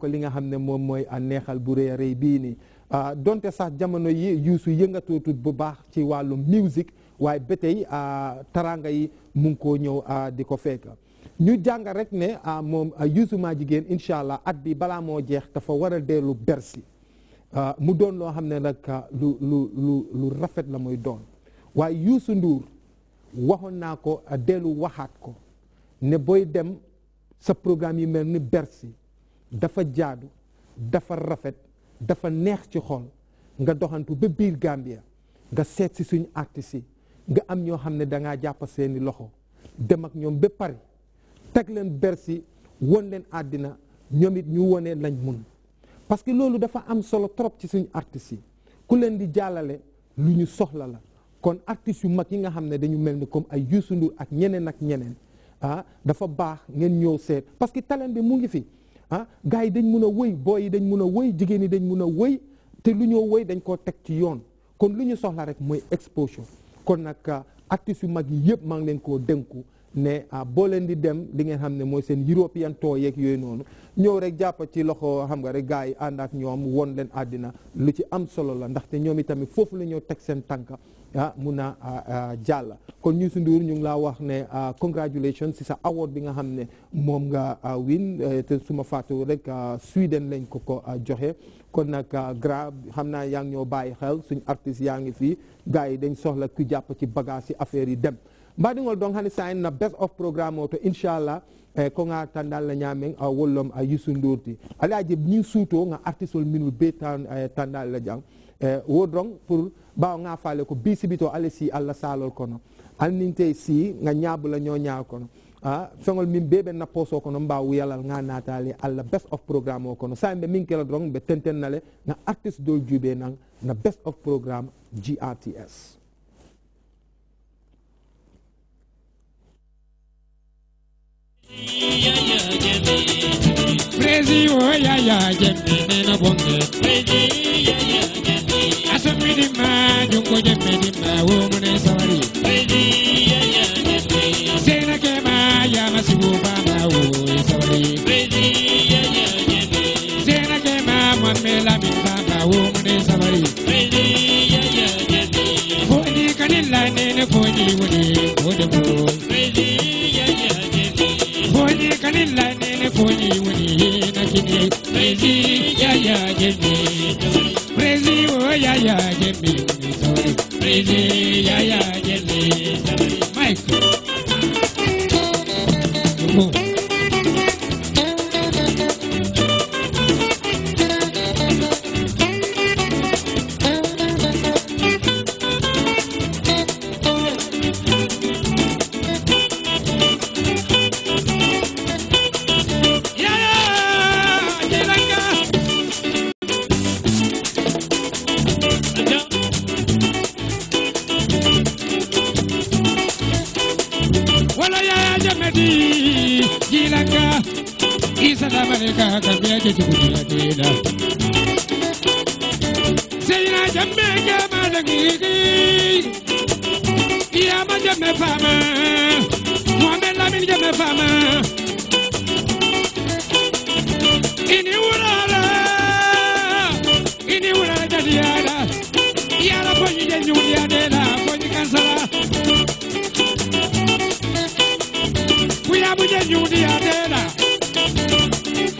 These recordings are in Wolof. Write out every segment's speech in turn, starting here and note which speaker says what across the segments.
Speaker 1: ko li nga xam ne moom mooy neexal bu rëy a rëy bii nii ah, donte sax jamono yi yuusu yëngatootut bu baax ci wàllu musique waaye ba tey ah, taranga yi mu ngi koo ñëw ah, di ko fekk ñu jàng rek ne moom yuusu maa jigéen incha allah at bi balaa moo jeex dafa war a dellu bersi mu doon loo xam ne nag lu lu lu lu rafet la muy doon waaye yuusu nduur waxoon naa ko dellu waxaat ko ne booy dem sa programme yi mel ni bersi dafa jaadu dafa rafet dafa neex ci xol nga doxantu ba biir Gambia nga seet si suñu artistes yi nga am ñoo xam ne da ngaa jàpp seeni loxo dem ak ñoom ba pare teg leen bersi won leen àddina ñoom it ñu wonee lañ mun parce que loolu dafa am solo trop ci suñu artistes yi ku leen di jàllale lu ñu soxla la kon artistes yu mag yi nga xam ne dañu mel ni comme ay Youssou Ndour ak ñeneen ak ñeneen ah dafa baax ngeen ñëw seet parce que talent bi mu ngi fi. ah gars yi dañ mun a wëy booy yi dañ mun a wëy jigéen yi dañ mun a wëy te lu ñoo wëy dañ koo teg ci yoon kon lu ñu soxla rek mooy exposure kon nag ah, artistes yu mag yi yëpp maa ngi leen ko dénku ne ah, boo leen di dem li ngeen xam ne mooy seen European tour yeeg yooyu noonu ñëw rek jàpp ci loxo xam nga rek gars yi ànd ak ñoom won leen àddina lu ci am solo la ndaxte ñoom itamit foofu la ñoo teg seen tànka ah mun a jàll kon Youssou Ndour ñu ngi laa wax ne ah, congratulations si sa award bi nga xam ne moom nga ah, win eh, te suma fàttu rek ah, Sweden lañ ko ko joxe kon nag gra xam naa yaa ngi ñoo bàyyi xel suñ artistes yaa ngi fii gars yi dañ soxla ku jàpp ci bagage yi affaire yi dem mbaɗigol ɗon hande sa en na best of programme o to inchallah eyi eh, ko ga tan allah ñamen a ti a yusudorti alaji ñin suuto nga artisol min be tan eh, tan allah jang wodrong pour bawo ngafale ko bisibito alesi alla salol kono alninte si nga ñabula ño ñaaw kono a feŋol min bebe na poso kono mba wuyalal nga natali alla best of programme o kono sayimbe min kela drong be tenten nale na artiste dol jube nang na best of programme grts
Speaker 2: mela min baba wo mune sabari ko ni kanin la ne ne ko ni wani ko da na kini prezi ya ya gemi prezi wo ya ya gemi
Speaker 3: prezi ya ya gemi mike
Speaker 2: ji jilanka isa da barika ka biya ke cikin
Speaker 3: jiladela
Speaker 2: sai na jambe ke malagiri iya ma jambe fama muhammed lamin jambe fama ini wuri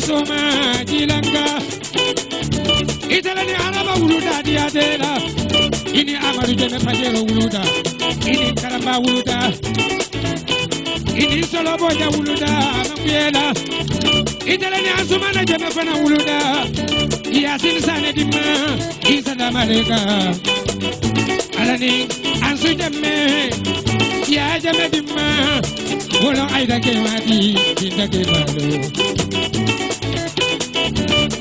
Speaker 2: soma jilanga itala ni araba wuluda diadela ini amadu jeme pajero wuluda ini karamba wuluda ini soloboja wuluda amanguyela itala ni asumana jeme fana wuluda yasin sane dimma isada maleka alani ansu jeme ya jeme dimma wolo aida kewadi inda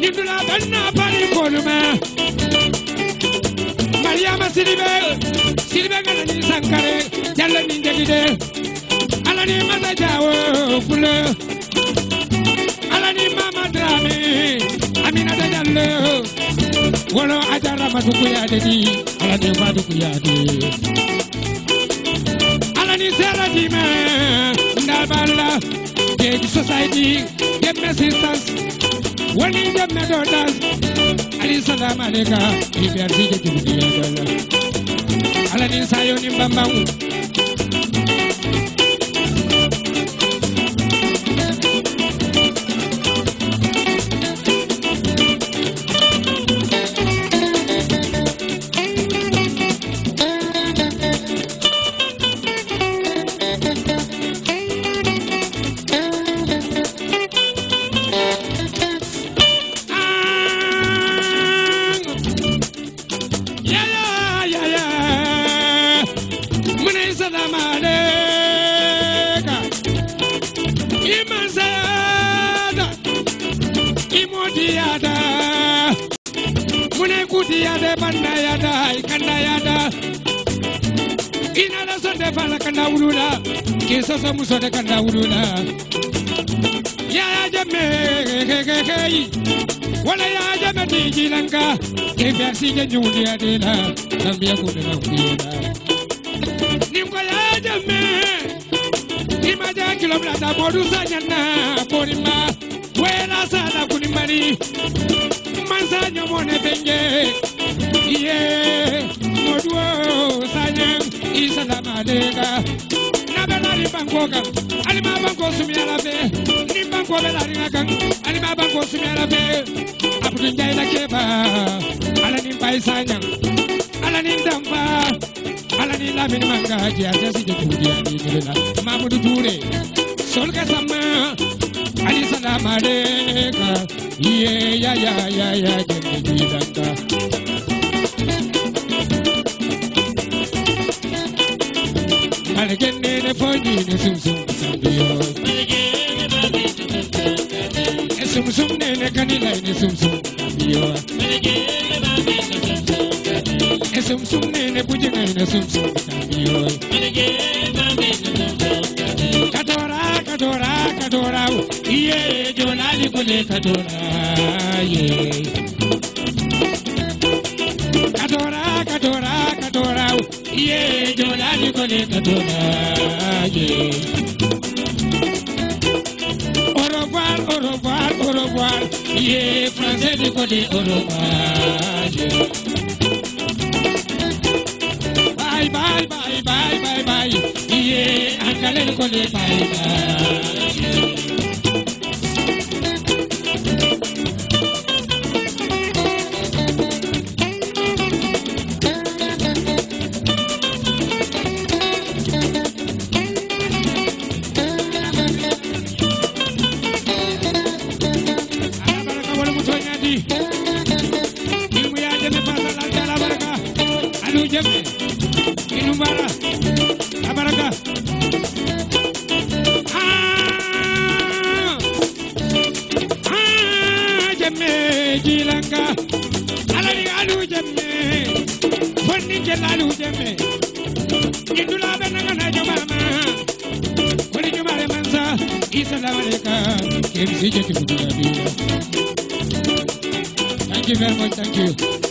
Speaker 2: jibila banna bari koluma mariama sidibe a ngana ni sankare jalla ni jegide ala ni masa jawo kulo ala ni mama drame amina da jallo wolo ajara matukuya dedi ala ni matukuya dedi ala ni sera dima ndaballa Society, give me you wani jam to dodas ali salam aleka ibe arti ke tibi ala ni sayo ni bambangu kutiya da banna ya da haikanna ya da ina na son da fara kanda wuluna ke sasa muso da kanda wuluna ya ya jame heheheheyi wala ya jame ti jilanka ke bersi ke judiya dena tambiya ko dena wuluna ni ko ya jame imaja kilomita modu sanyana porima wena sana kunimani sanya mone benye iye modwo sanya isalama alega nabelari banko kan alima banko sumiala be ni banko belari kan alima banko sumiala be abudun jaila keba ala ni pai sanya ala ni dampa ala ni lamin manga ji aja si de dudia ni nila mamudu ture solka sama ali salama alega Yeah yeah yeah yeah yeah, ya ya ya ya jẹbi daka. alikende ne fɔnyi ne sunsun sanbiyo. sunsun ne ne kanila ne sunsun sanbiyo. sunsun ne ne bujinga ne sunsun sanbiyo. katora iye jona ni kule katora ye katora katora katora iye jona ni kule katora ye au revoir au ye au revoir iye français kule au revoir bye bye bye bye bye bye iye ankalel kule bye bye Thank you very much. Thank you.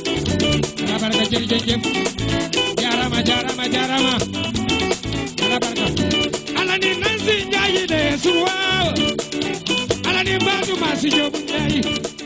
Speaker 2: ala barka jërëjëf ala ni nansi njaayi de sunu waaw ala ni mbaatu maa si jóobu